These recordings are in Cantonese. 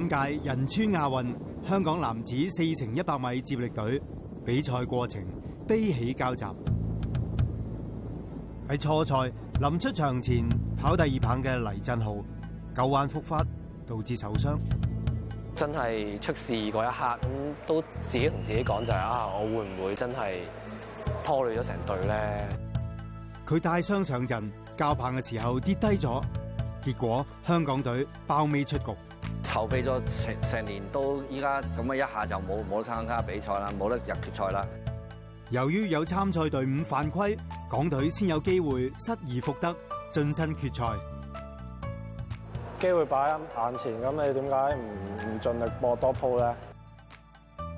本屆仁川亞運，香港男子四乘一百米接力隊比賽過程悲喜交集。喺初賽，臨出場前跑第二棒嘅黎振浩舊患復發，導致受傷。真係出事嗰一刻，咁都自己同自己講就係啊，我會唔會真係拖累咗成隊呢？佢帶傷上陣，交棒嘅時候跌低咗，結果香港隊爆尾出局。籌備咗成成年都，依家咁啊，一下就冇冇參加比賽啦，冇得入決賽啦。由於有參賽隊伍犯規，港隊先有機會失而復得，晉身決賽。機會擺喺眼前，咁你點解唔唔盡力搏多鋪咧？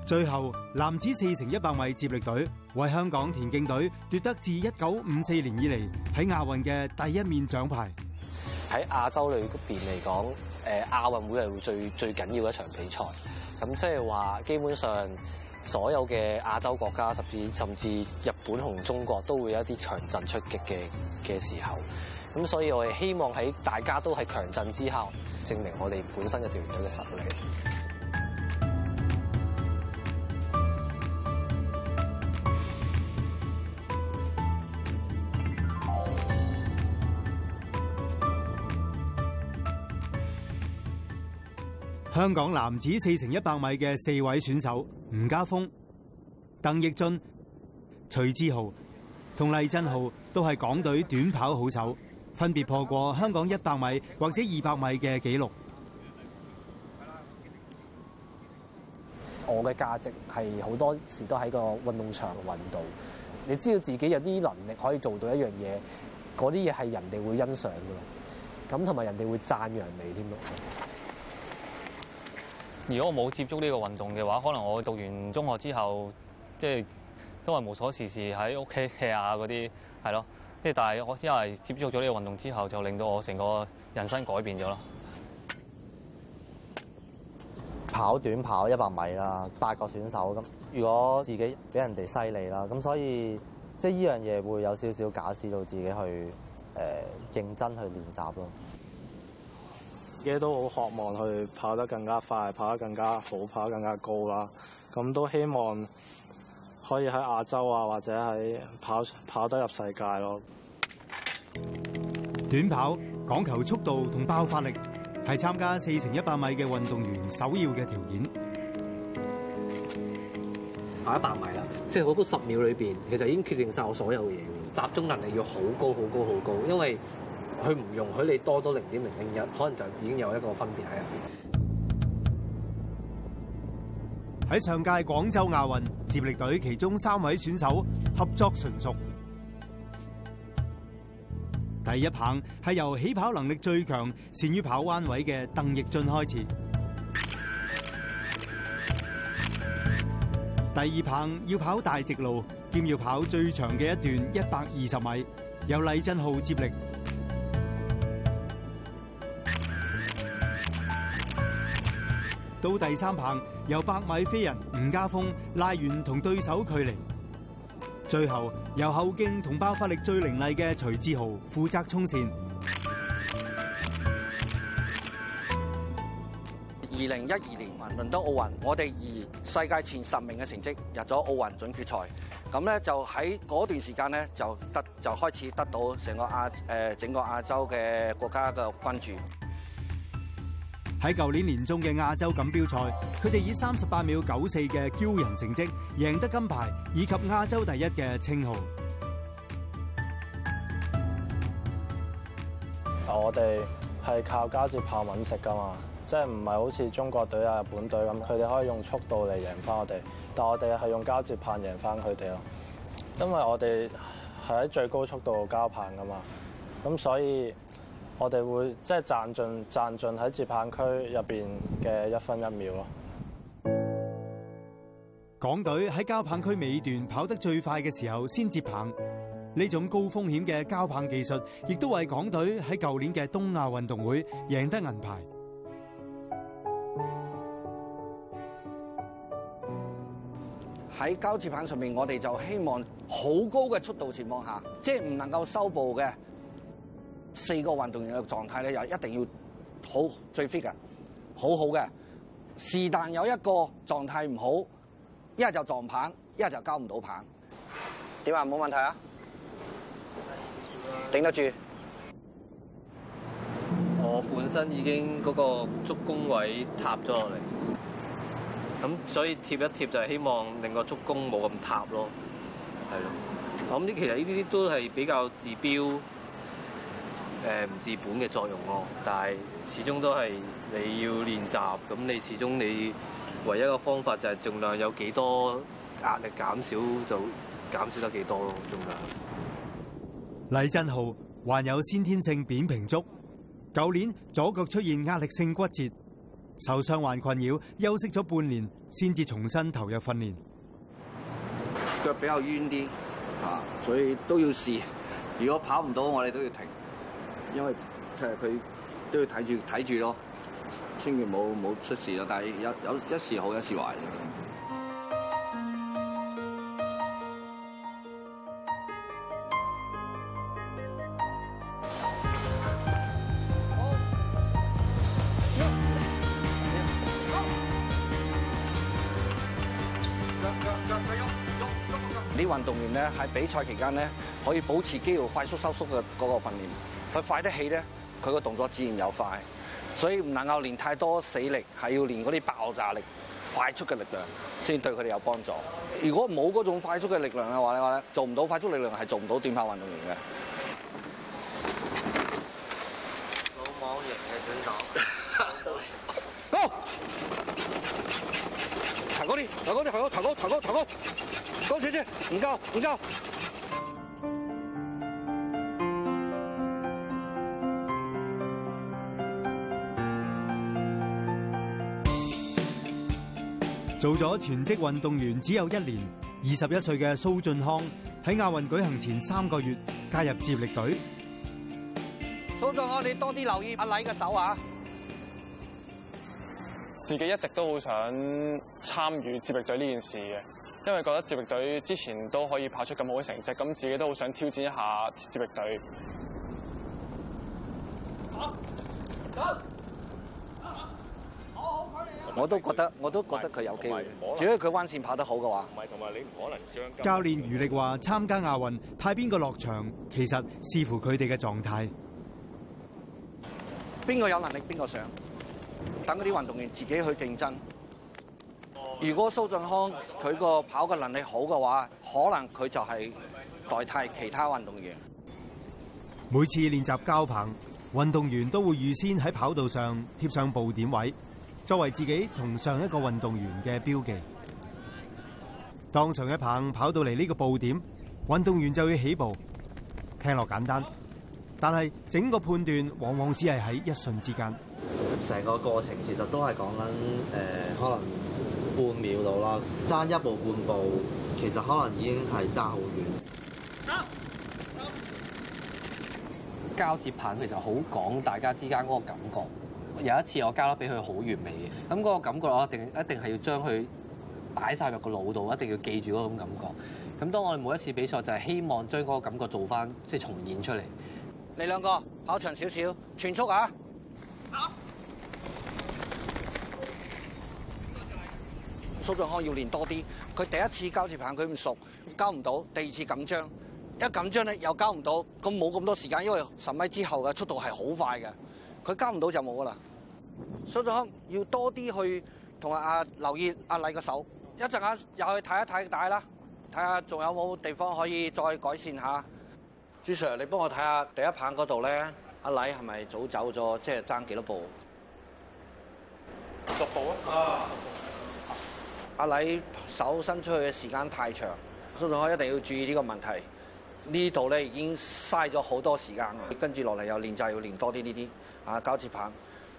最後，男子四乘一百米接力隊為香港田徑隊奪得自一九五四年以嚟喺亞運嘅第一面獎牌。喺亞洲裏邊嚟講。誒亞運會會係最最緊要嘅一場比賽，咁即係話基本上所有嘅亞洲國家，甚至甚至日本同中國都會有一啲強陣出擊嘅嘅時候，咁所以我哋希望喺大家都係強陣之下，證明我哋本身嘅團隊嘅實力。香港男子四乘一百米嘅四位選手吳家鋒、鄧亦峻、徐志豪同黎振浩，都係港隊短跑好手，分別破過香港一百米或者二百米嘅紀錄。我嘅價值係好多時都喺個運動場運動，你知道自己有啲能力可以做到一樣嘢，嗰啲嘢係人哋會欣賞噶啦，咁同埋人哋會讚揚你添咯。如果我冇接觸呢個運動嘅話，可能我讀完中學之後，即、就、係、是、都係無所事事喺屋企 hea 下嗰啲，係咯。即係但係我因為接觸咗呢個運動之後，就令到我成個人生改變咗咯。跑短跑一百米啦，八個選手咁，如果自己比人哋犀利啦，咁所以即係呢樣嘢會有少少假使到自己去誒、呃、認真去練習咯。自己都好渴望去跑得更加快，跑得更加好，跑得更加高啦。咁都希望可以喺亞洲啊，或者喺跑跑得入世界咯。短跑講求速度同爆發力，係參加四乘一百米嘅運動員首要嘅條件。跑一百米啦，即係嗰個十秒裏邊，其實已經決定晒我所有嘅嘢。集中能力要好高好高好高，因為。佢唔容許你多多零點零零一，可能就已經有一個分別喺入面。喺上屆廣州亞運接力隊，其中三位選手合作純熟。第一棒係由起跑能力最強、善於跑彎位嘅鄧亦峻開始。第二棒要跑大直路兼要跑最長嘅一段一百二十米，由黎振浩接力。到第三棒，由百米飛人吳家鋒拉完同對手距離，最後由後勁同爆發力最凌厲嘅徐志豪負責衝線。二零一二年倫敦奧運，我哋以世界前十名嘅成績入咗奧運準決賽，咁咧就喺嗰段時間咧就得就開始得到成個亞誒整個亞洲嘅國家嘅關注。喺舊年年中嘅亞洲錦標賽，佢哋以三十八秒九四嘅驕人成績贏得金牌，以及亞洲第一嘅稱號。我哋係靠交接棒搵食㗎嘛，即係唔係好似中國隊啊、日本隊咁，佢哋可以用速度嚟贏返我哋，但我哋係用交接棒贏返佢哋囉。因為我哋係喺最高速度交棒㗎嘛，咁所以。我哋會即係賺盡賺盡喺接棒區入邊嘅一分一秒咯。港隊喺交棒區尾段跑得最快嘅時候先接棒，呢種高風險嘅交棒技術，亦都為港隊喺舊年嘅東亞運動會贏得銀牌。喺交接棒上面，我哋就希望好高嘅速度情況下，即係唔能夠收步嘅。四個運動員嘅狀態咧，又一定要好最 fit 嘅，好好嘅。是但有一個狀態唔好，一係就撞棒，一係就交唔到棒。點啊？冇問題啊？頂得住。我本身已經嗰個足弓位塌咗落嚟，咁所以貼一貼就係希望令個足弓冇咁塌咯，係咯。咁啲其實呢啲都係比較治標。誒，唔治本嘅作用咯，但係始終都係你要練習，咁你始終你唯一嘅方法就係儘量有幾多壓力減少就減少得幾多咯，儘量。黎振浩患有先天性扁平足，舊年左腳出現壓力性骨折，受傷患困擾，休息咗半年先至重新投入訓練。腳比較冤啲，啊，所以都要試。如果跑唔到，我哋都要停。因為誒佢都要睇住睇住咯，千祈冇冇出事咯。但係有有一時好，一時壞。啲運動員咧喺比賽期間咧，可以保持肌肉快速收縮嘅嗰個訓練。佢快得起呢，佢個動作自然有快，所以唔能夠練太多死力，係要練嗰啲爆炸力、快速嘅力量，先對佢哋有幫助。如果冇嗰種快速嘅力量嘅話咧，做唔到快速力量係做唔到短跑運動員嘅。哈哈老網型嘅拳手，Go！抬高啲，抬高啲，抬高，抬高，抬高，抬高，高啲啲，唔夠，唔夠，高，高，高，高，高。高高高。做咗全職運動員只有一年，二十一歲嘅蘇俊康喺亞運舉行前三個月加入接力隊。蘇俊康，你多啲留意阿黎嘅手啊！自己一直都好想參與接力隊呢件事嘅，因為覺得接力隊之前都可以跑出咁好嘅成績，咁自己都好想挑戰一下接力隊。好，走。走我都覺得，我都覺得佢有機會，主要佢彎線跑得好嘅話。唔係同埋你唔可能將。教練餘力話：參加亞運派邊個落場，其實視乎佢哋嘅狀態。邊個有能力，邊個上。等嗰啲運動員自己去競爭。如果蘇振康佢個跑嘅能力好嘅話，可能佢就係代替其他運動員。每次練習交棒，運動員都會預先喺跑道上貼上布點位。作為自己同上一個運動員嘅標記，當上一棒跑到嚟呢個步點，運動員就要起步。聽落簡單，但係整個判斷往往只係喺一瞬之間。成個過程其實都係講緊誒，可能半秒度啦，差一步半步，其實可能已經係差好遠。交接棒其實好講大家之間嗰個感覺。有一次我交得俾佢好完美嘅，咁、那、嗰個感覺我一定一定係要將佢擺晒落個腦度，一定要記住嗰種感覺。咁當我哋每一次比賽就係、是、希望將嗰個感覺做返，即係重現出嚟。你兩個跑長少少，全速啊！好、啊。蘇俊康要練多啲，佢第一次交接棒佢唔熟，交唔到；第二次緊張，一緊張呢又交唔到。咁冇咁多時間，因為十米之後嘅速度係好快嘅。佢交唔到就冇噶啦，蘇總康要多啲去同阿阿留意阿禮個手，又看一陣間入去睇一睇帶啦，睇下仲有冇地方可以再改善下。朱 Sir，你幫我睇下第一棒嗰度咧，阿禮係咪早走咗？即係爭幾多步？十步啊！Uh, 啊，阿禮手伸出去嘅時間太長，蘇總康一定要注意呢個問題。這裡呢度咧已經嘥咗好多時間啦，跟住落嚟又練就要練多啲呢啲。啊！交接棒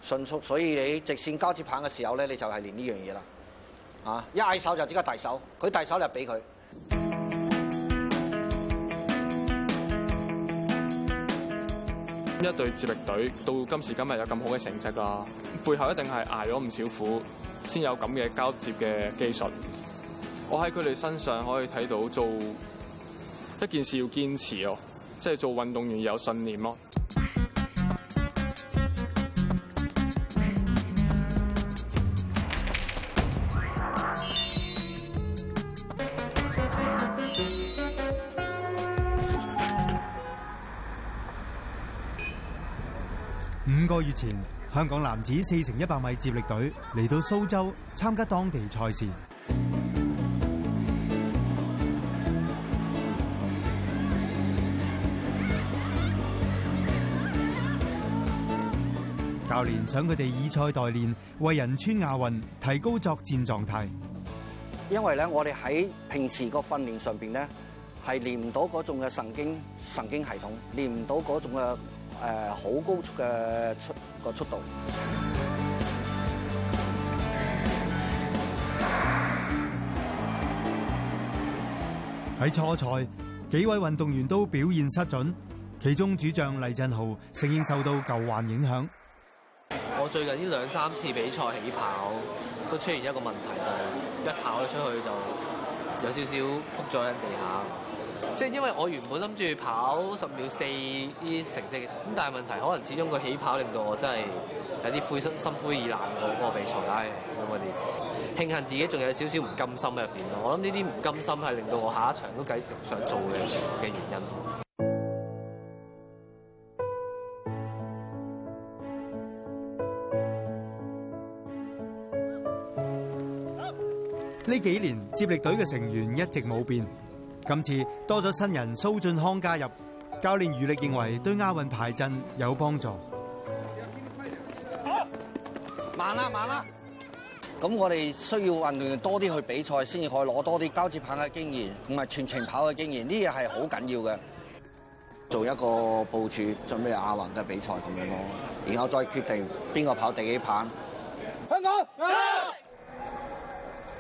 迅速，所以你直線交接棒嘅時候咧，你就係練呢樣嘢啦。啊！一嗌手就即刻遞手，佢遞手就俾佢。一隊接力隊到今時今日有咁好嘅成績啦、啊，背後一定係捱咗唔少苦，先有咁嘅交接嘅技術。我喺佢哋身上可以睇到做一件事要堅持哦、啊，即係做運動員有信念咯、啊。以前，香港男子四乘一百米接力隊嚟到蘇州參加當地賽事。教練想佢哋以賽代練，為仁川亞運提高作戰狀態。因為咧，我哋喺平時個訓練上邊咧，係練唔到嗰種嘅神經神經系統，練唔到嗰種嘅。誒、呃、好高速嘅速、速個速度。喺初賽，幾位運動員都表現失準，其中主將黎振浩承認受到舊患影響。我最近呢兩三次比賽起跑都出現一個問題，就係、是、一跑咗出去就。有少少撲咗喺地下，即係因為我原本諗住跑十秒四啲成績。咁但係問題是可能始終個起跑令到我真係有啲灰心心灰意冷到嗰個比賽，唉咁啲。我慶幸自己仲有少少唔甘心喺入邊咯，我諗呢啲唔甘心係令到我下一場都繼續想做嘅嘅原因。幾年接力隊嘅成員一直冇變，今次多咗新人蘇俊康加入，教練余力認為對亞運排陣有幫助。好，慢啦，慢啦。咁我哋需要運動員多啲去比賽，先至可以攞多啲交接棒嘅經驗，同埋全程跑嘅經驗，呢啲係好緊要嘅。做一個部署，準備亞運嘅比賽咁樣咯，然後再決定邊個跑第幾棒。香港。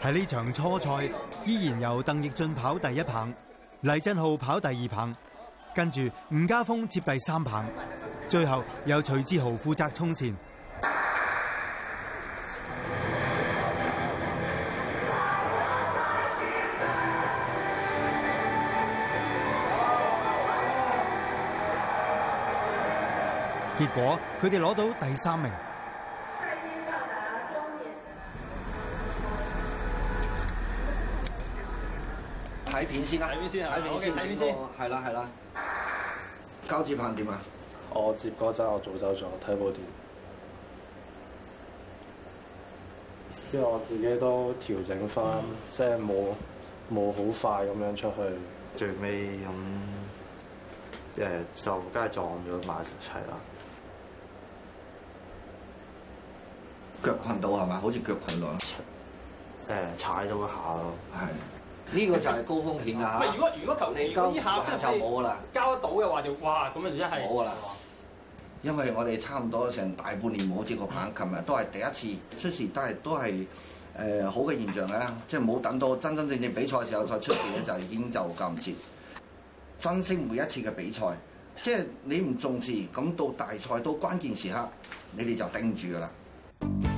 喺呢場初賽，依然由鄧亦峻跑第一棒，黎振浩跑第二棒，跟住吳家鋒接第三棒，最後由徐志豪負責衝前。啊、結果，佢哋攞到第三名。睇片先啦，睇片先啊，睇片先，係啦，係啦。交接棒點啊？我接嗰陣我早走咗，睇部片。之後我自己都調整翻，即係冇冇好快咁樣出去，最尾咁誒就梗係撞咗埋齊啦。腳群到係咪？好似腳群到？誒踩咗一下咯。係。呢、這個就係高風險啊。如果如果求你交，下你交到就冇啦。交得到嘅話哇樣就的了哇咁啊！真係冇啦。因為我哋差唔多成大半年冇接過棒，琴、嗯、日都係第一次出事，是都係都係誒好嘅現象啦。即係冇等到真真正，正正比賽時候再出事咧，就已經就咁接、嗯。珍惜每一次嘅比賽，即係你唔重視，咁到大賽到關鍵時刻，你哋就頂唔住噶啦。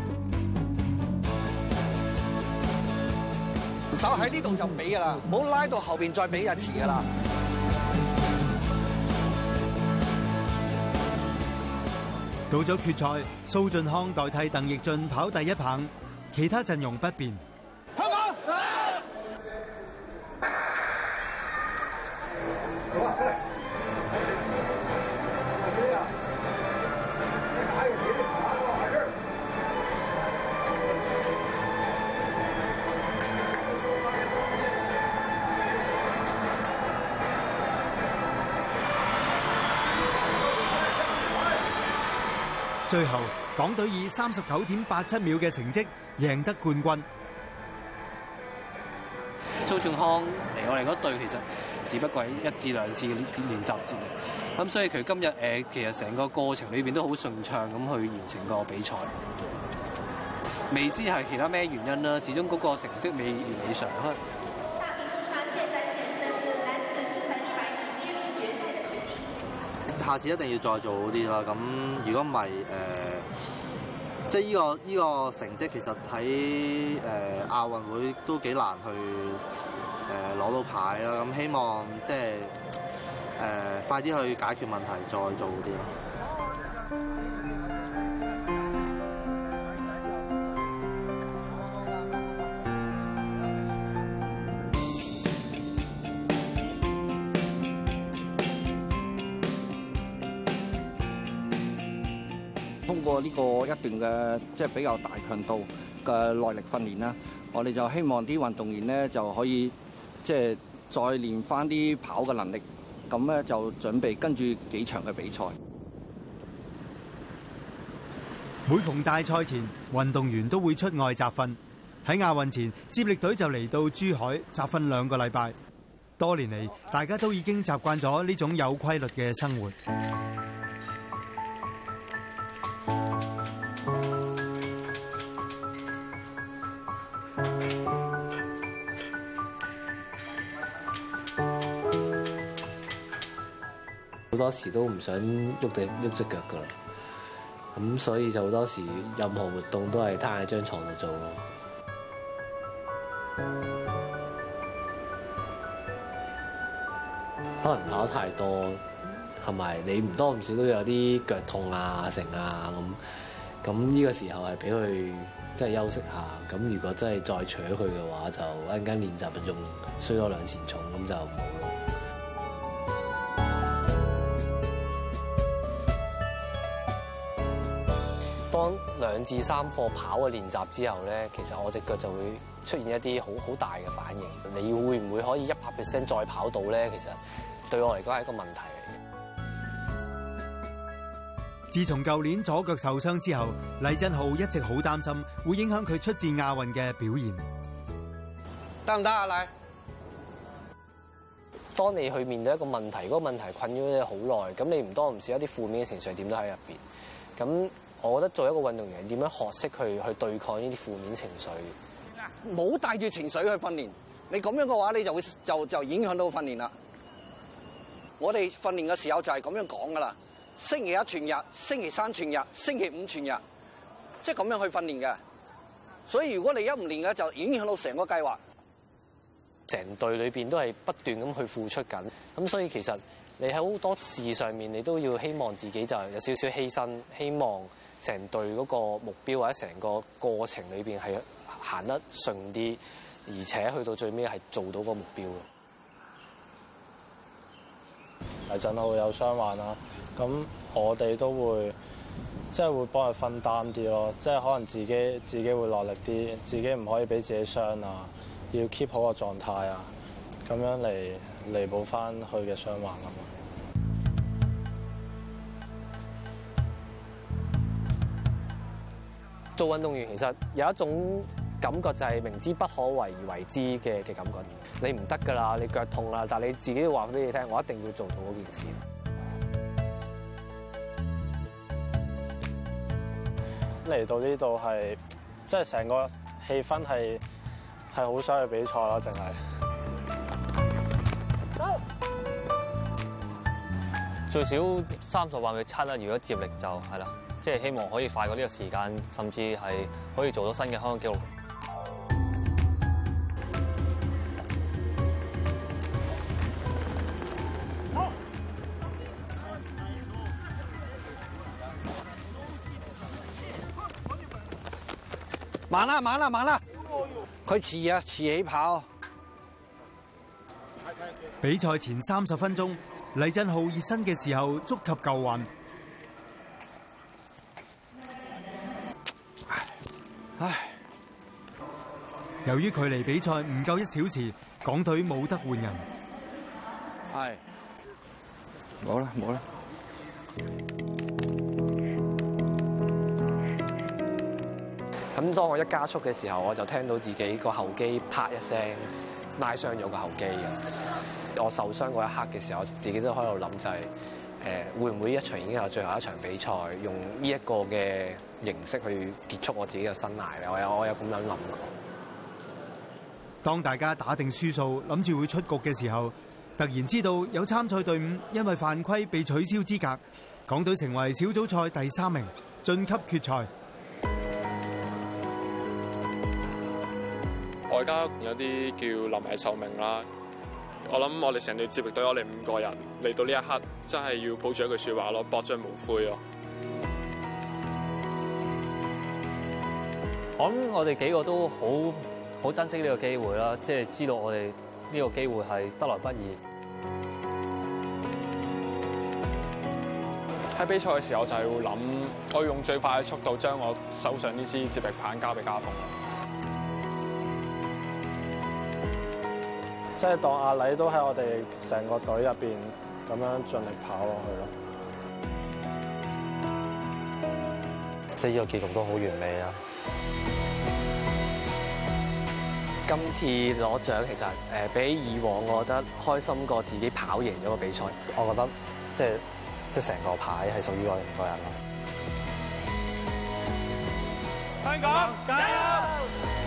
手喺呢度就俾噶啦，唔好拉到後邊再俾就遲噶啦。到咗決賽，蘇俊康代替鄧亦峻跑第一棒，其他陣容不變。開幕！最後，港隊以三十九點八七秒嘅成績贏得冠軍。蘇俊康嚟我哋嗰隊，其實只不過一至兩次嘅展練集戰，咁所以其實今日誒，其實成個過程裏邊都好順暢咁去完成個比賽。未知係其他咩原因啦，始終嗰個成績未完美上。下次一定要再做好啲啦。咁如果唔係，誒、呃，即係、呢、依個依、呢個成績其實喺誒、呃、亞運會都幾難去誒攞到牌啦。咁希望即係誒、呃、快啲去解決問題，再做啲咯。通過呢個一段嘅即係比較大強度嘅耐力訓練啦，我哋就希望啲運動員咧就可以即係、就是、再練翻啲跑嘅能力，咁咧就準備跟住幾場嘅比賽。每逢大賽前，運動員都會出外集訓。喺亞運前，接力隊就嚟到珠海集訓兩個禮拜。多年嚟，大家都已經習慣咗呢種有規律嘅生活。好多時都唔想喐隻喐隻腳噶啦，咁所以就好多時任何活動都係攤喺張床度做咯。可能跑太多，同、嗯、埋你唔多唔少都有啲腳痛啊、成啊咁。咁呢個時候係俾佢即係休息下。咁如果真係再除咗佢嘅話，就一陣間練習嘅中衰咗兩錢重，咁就冇。兩至三課跑嘅練習之後咧，其實我隻腳就會出現一啲好好大嘅反應。你會唔會可以一百 percent 再跑到咧？其實對我嚟講係一個問題嚟嘅。自從舊年左腳受傷之後，黎振浩一直好擔心會影響佢出戰亞運嘅表現。得唔得啊？黎？當你去面對一個問題，嗰個問題困擾你好耐，咁你唔多唔少一啲負面嘅情緒點都喺入邊，咁。我覺得做一個運動員點樣學識去去對抗呢啲負面情緒，冇帶住情緒去訓練，你咁樣嘅話你就會就就影響到訓練啦。我哋訓練嘅時候就係咁樣講噶啦，星期一全日，星期三全日，星期五全日，即係咁樣去訓練嘅。所以如果你一唔練嘅就影響到成個計劃。成隊裏面都係不斷咁去付出緊，咁所以其實你喺好多事上面你都要希望自己就有少少犧牲，希望。成隊嗰個目標或者成個過程裏邊係行得順啲，而且去到最尾係做到個目標咯。係真係會有傷患啦，咁我哋都會即係會幫佢分擔啲咯，即係可能自己自己會落力啲，自己唔可以俾自己傷啊，要 keep 好個狀態啊，咁樣嚟彌補翻去嘅傷患啊嘛。做運動員其實有一種感覺就係明知不可為而為之嘅嘅感覺，你唔得㗎啦，你腳痛啦，但係你自己都話俾你聽，我一定要做到嗰件事。嚟到呢度係，即係成個氣氛係係好想去比賽咯，淨係最少三十萬嘅測啦，如果接力就係啦。即係希望可以快過呢個時間，甚至係可以做到新嘅香港紀錄慢了！慢啦，慢啦，慢啦！佢遲啊，遲起跑。比賽前三十分鐘，黎振浩熱身嘅時候觸及舊患。由於距離比賽唔夠一小時，港隊冇得換人。係冇啦，冇啦。咁當我一加速嘅時候，我就聽到自己個後肌啪一聲，拉傷咗個後肌。我受傷嗰一刻嘅時候，我自己都喺度諗，就係誒會唔會一場已經係最後一場比賽，用呢一個嘅形式去結束我自己嘅生涯咧？我有我有咁樣諗過。當大家打定輸數，諗住會出局嘅時候，突然知道有參賽隊伍因為犯規被取消資格，港隊成為小組賽第三名，晉級決賽。外加有啲叫臨危受命啦，我諗我哋成隊接力隊，我哋五個人嚟到呢一刻，真係要抱住一句說話咯，搏盡無悔咯。我諗我哋幾個都好。好珍惜呢個機會啦，即係知道我哋呢個機會係得來不易。喺比賽嘅時候就係會諗，我要用最快嘅速度將我手上呢支接力棒交俾家鋒，即係當阿禮都喺我哋成個隊入邊咁樣盡力跑落去咯。即係呢個結局都好完美啊！今次攞獎其實誒比以往，我覺得開心過自己跑贏咗個比賽。我覺得即係即係成個牌係屬於我哋個人咯。香港加油！